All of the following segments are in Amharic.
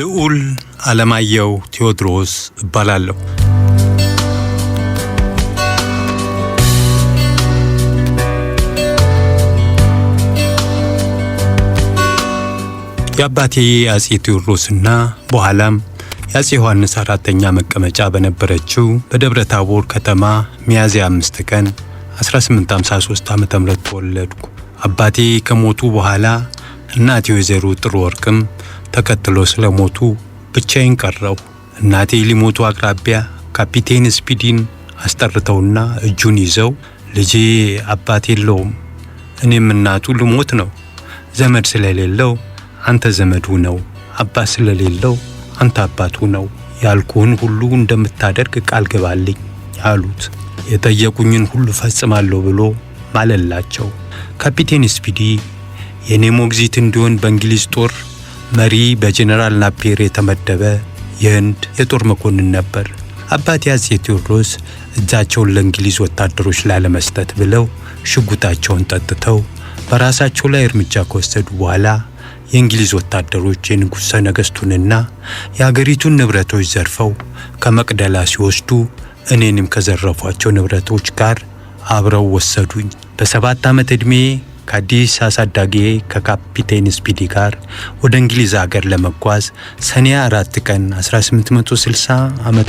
ልዑል አለማየሁ ቴዎድሮስ እባላለሁ። የአባቴ የአጼ ቴዎድሮስና በኋላም የአጼ ዮሐንስ አራተኛ መቀመጫ በነበረችው በደብረ ታቦር ከተማ ሚያዝያ አምስት ቀን 1853 ዓ ም ተወለድኩ። አባቴ ከሞቱ በኋላ እናቴ ወይዘሮ ጥሩ ወርቅም ተከትሎ ስለሞቱ ብቻዬን ቀረው። እናቴ ሊሞቱ አቅራቢያ ካፒቴን ስፒዲን አስጠርተውና እጁን ይዘው ልጄ አባት የለውም፣ እኔም እናቱ ልሞት ነው። ዘመድ ስለሌለው አንተ ዘመዱ ነው፣ አባት ስለሌለው አንተ አባቱ ነው። ያልኩህን ሁሉ እንደምታደርግ ቃል ግባልኝ አሉት። የጠየቁኝን ሁሉ ፈጽማለሁ ብሎ ማለላቸው። ካፒቴን ስፒዲ የኔ ሞግዚት እንዲሆን በእንግሊዝ ጦር መሪ በጄኔራል ናፔር የተመደበ የህንድ የጦር መኮንን ነበር። አባት ያጼ ቴዎድሮስ እጃቸውን ለእንግሊዝ ወታደሮች ላለመስጠት ብለው ሽጉጣቸውን ጠጥተው በራሳቸው ላይ እርምጃ ከወሰዱ በኋላ የእንግሊዝ ወታደሮች የንጉሠ ነገሥቱንና የአገሪቱን ንብረቶች ዘርፈው ከመቅደላ ሲወስዱ እኔንም ከዘረፏቸው ንብረቶች ጋር አብረው ወሰዱኝ። በሰባት ዓመት ዕድሜ ከአዲስ አሳዳጊ ከካፒቴን ስፒዲ ጋር ወደ እንግሊዝ ሀገር ለመጓዝ ሰኔ አራት ቀን 1860 ዓ ም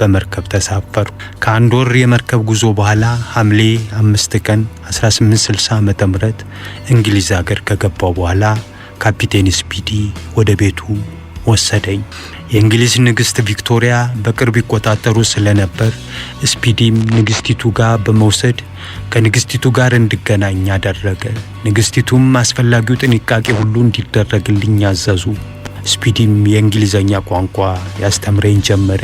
በመርከብ ተሳፈሩ። ከአንድ ወር የመርከብ ጉዞ በኋላ ሐምሌ አምስት ቀን 1860 ዓ ም እንግሊዝ ሀገር ከገባው በኋላ ካፒቴን ስፒዲ ወደ ቤቱ ወሰደኝ። የእንግሊዝ ንግሥት ቪክቶሪያ በቅርብ ይቆጣጠሩ ስለነበር ስፒዲም ንግሥቲቱ ጋር በመውሰድ ከንግሥቲቱ ጋር እንድገናኝ አደረገ። ንግሥቲቱም አስፈላጊው ጥንቃቄ ሁሉ እንዲደረግልኝ አዘዙ። ስፒዲም የእንግሊዘኛ ቋንቋ ያስተምረኝ ጀመረ።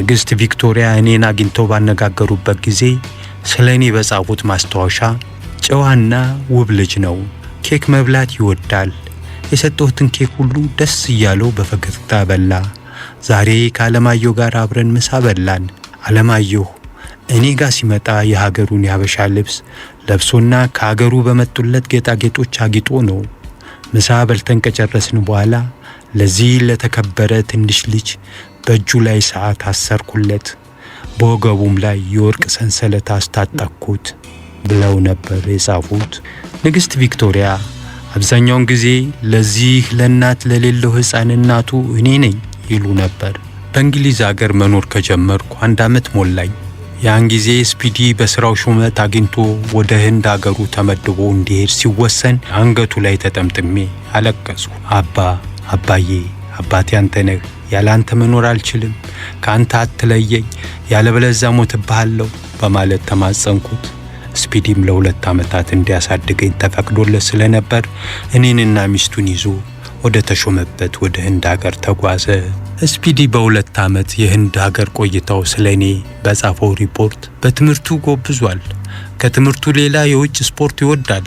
ንግሥት ቪክቶሪያ እኔን አግኝተው ባነጋገሩበት ጊዜ ስለ እኔ በጻፉት ማስታወሻ ጨዋና ውብ ልጅ ነው፣ ኬክ መብላት ይወዳል። የሰጠሁትን ኬክ ሁሉ ደስ እያለው በፈገግታ በላ። ዛሬ ከአለማየሁ ጋር አብረን ምሳ በላን። አለማየሁ እኔ ጋር ሲመጣ የሀገሩን ያበሻ ልብስ ለብሶና ከሀገሩ በመጡለት ጌጣጌጦች አጊጦ ነው። ምሳ በልተን ከጨረስን በኋላ ለዚህ ለተከበረ ትንሽ ልጅ በእጁ ላይ ሰዓት አሰርኩለት፣ በወገቡም ላይ የወርቅ ሰንሰለት አስታጠቅኩት ብለው ነበር የጻፉት። ንግሥት ቪክቶሪያ አብዛኛውን ጊዜ ለዚህ ለእናት ለሌለው ሕፃን እናቱ እኔ ነኝ ይሉ ነበር። በእንግሊዝ አገር መኖር ከጀመርኩ አንድ ዓመት ሞላኝ። ያን ጊዜ ስፒዲ በስራው ሹመት አግኝቶ ወደ ህንድ አገሩ ተመድቦ እንዲሄድ ሲወሰን አንገቱ ላይ ተጠምጥሜ አለቀስኩ። አባ አባዬ፣ አባቴ አንተ ነህ። ያለ አንተ መኖር አልችልም። ከአንተ አትለየኝ፣ ያለበለዚያ ሞትብሃለሁ በማለት ተማጸንኩት። ስፒዲም ለሁለት ዓመታት እንዲያሳድገኝ ተፈቅዶለት ስለነበር እኔንና ሚስቱን ይዞ ወደ ተሾመበት ወደ ህንድ አገር ተጓዘ። ስፒዲ በሁለት ዓመት የህንድ ሀገር ቆይታው ስለ እኔ በጻፈው ሪፖርት በትምህርቱ ጎብዟል። ከትምህርቱ ሌላ የውጭ ስፖርት ይወዳል።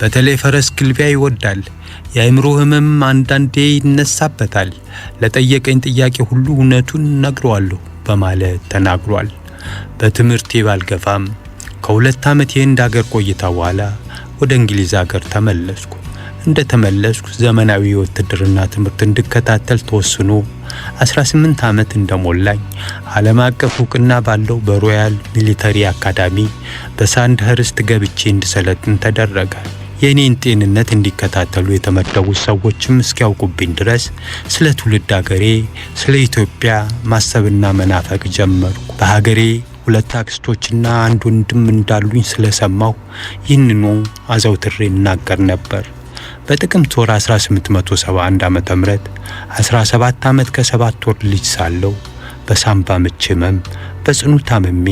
በተለይ ፈረስ ግልቢያ ይወዳል። የአእምሮ ህመም አንዳንዴ ይነሳበታል። ለጠየቀኝ ጥያቄ ሁሉ እውነቱን ነግረዋለሁ በማለት ተናግሯል። በትምህርቴ ባልገፋም ከሁለት ዓመት የህንድ አገር ቆይታ በኋላ ወደ እንግሊዝ አገር ተመለስኩ። እንደተመለስኩ ዘመናዊ የውትድርና ትምህርት እንድከታተል ተወስኖ 18 ዓመት እንደሞላኝ ዓለም አቀፍ እውቅና ባለው በሮያል ሚሊተሪ አካዳሚ በሳንድኸርስት ገብቼ እንድሰለጥን ተደረገ። የእኔን ጤንነት እንዲከታተሉ የተመደቡት ሰዎችም እስኪያውቁብኝ ድረስ ስለ ትውልድ አገሬ ስለ ኢትዮጵያ ማሰብና መናፈቅ ጀመርኩ። በሀገሬ ሁለት አክስቶችና አንድ ወንድም እንዳሉኝ ስለሰማሁ ይህንኑ አዘውትሬ እናገር ነበር። በጥቅምት ወር 1871 ዓ ም 17 ዓመት ከሰባት ወር ልጅ ሳለው በሳምባ ምች ህመም በጽኑ ታምሜ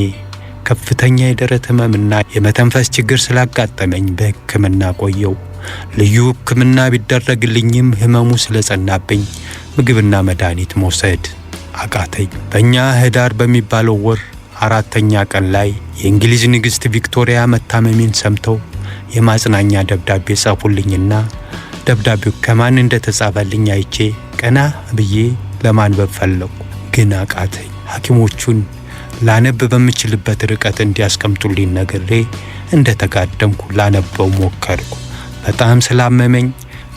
ከፍተኛ የደረት ህመምና የመተንፈስ ችግር ስላጋጠመኝ በሕክምና ቆየው። ልዩ ሕክምና ቢደረግልኝም ህመሙ ስለጸናብኝ ምግብና መድኃኒት መውሰድ አቃተኝ። በእኛ ህዳር በሚባለው ወር አራተኛ ቀን ላይ የእንግሊዝ ንግሥት ቪክቶሪያ መታመሜን ሰምተው የማጽናኛ ደብዳቤ ጻፉልኝና ደብዳቤው ከማን እንደተጻፈልኝ አይቼ ቀና ብዬ ለማንበብ ፈለግኩ፣ ግን አቃተኝ። ሐኪሞቹን ላነብ በምችልበት ርቀት እንዲያስቀምጡልኝ ነግሬ እንደተጋደምኩ ላነበው ሞከርኩ። በጣም ስላመመኝ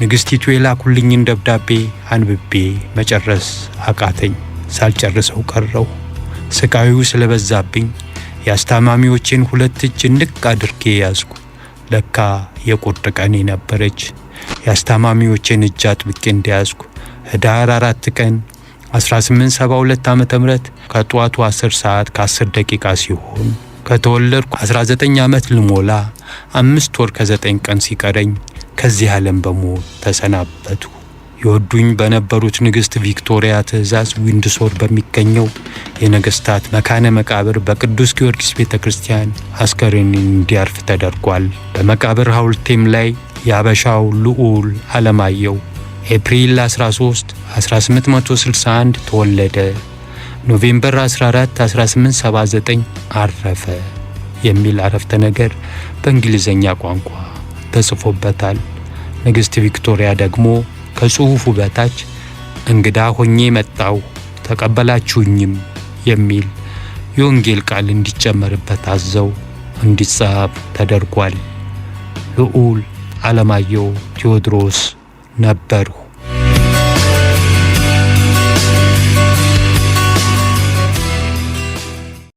ንግሥቲቱ የላኩልኝን ደብዳቤ አንብቤ መጨረስ አቃተኝ። ሳልጨርሰው ቀረው። ስቃዩ ስለበዛብኝ የአስታማሚዎቼን ሁለት እጅ ንቅ አድርጌ ያዝኩ። ለካ የቁርጥ ቀኔ ነበረች። የአስታማሚዎቼን እጅ አጥብቄ እንደያዝኩ ህዳር አራት ቀን 1872 ዓ ም ከጠዋቱ 10 ሰዓት ከ10 ደቂቃ ሲሆን ከተወለድኩ 19 ዓመት ልሞላ አምስት ወር ከዘጠኝ ቀን ሲቀረኝ ከዚህ ዓለም በሞት ተሰናበቱ። የወዱኝ በነበሩት ንግሥት ቪክቶሪያ ትእዛዝ ዊንድሶር በሚገኘው የነገስታት መካነ መቃብር በቅዱስ ጊዮርጊስ ቤተ ክርስቲያን አስከሬን እንዲያርፍ ተደርጓል። በመቃብር ሐውልቴም ላይ የአበሻው ልዑል አለማየሁ ኤፕሪል 13 1861 ተወለደ፣ ኖቬምበር 14 1879 አረፈ የሚል አረፍተ ነገር በእንግሊዝኛ ቋንቋ ተጽፎበታል። ንግሥት ቪክቶሪያ ደግሞ ከጽሑፉ በታች እንግዳ ሆኜ መጣው ተቀበላችሁኝም የሚል የወንጌል ቃል እንዲጨመርበት አዘው እንዲጻፍ ተደርጓል። ልዑል አለማየሁ ቴዎድሮስ ነበርሁ።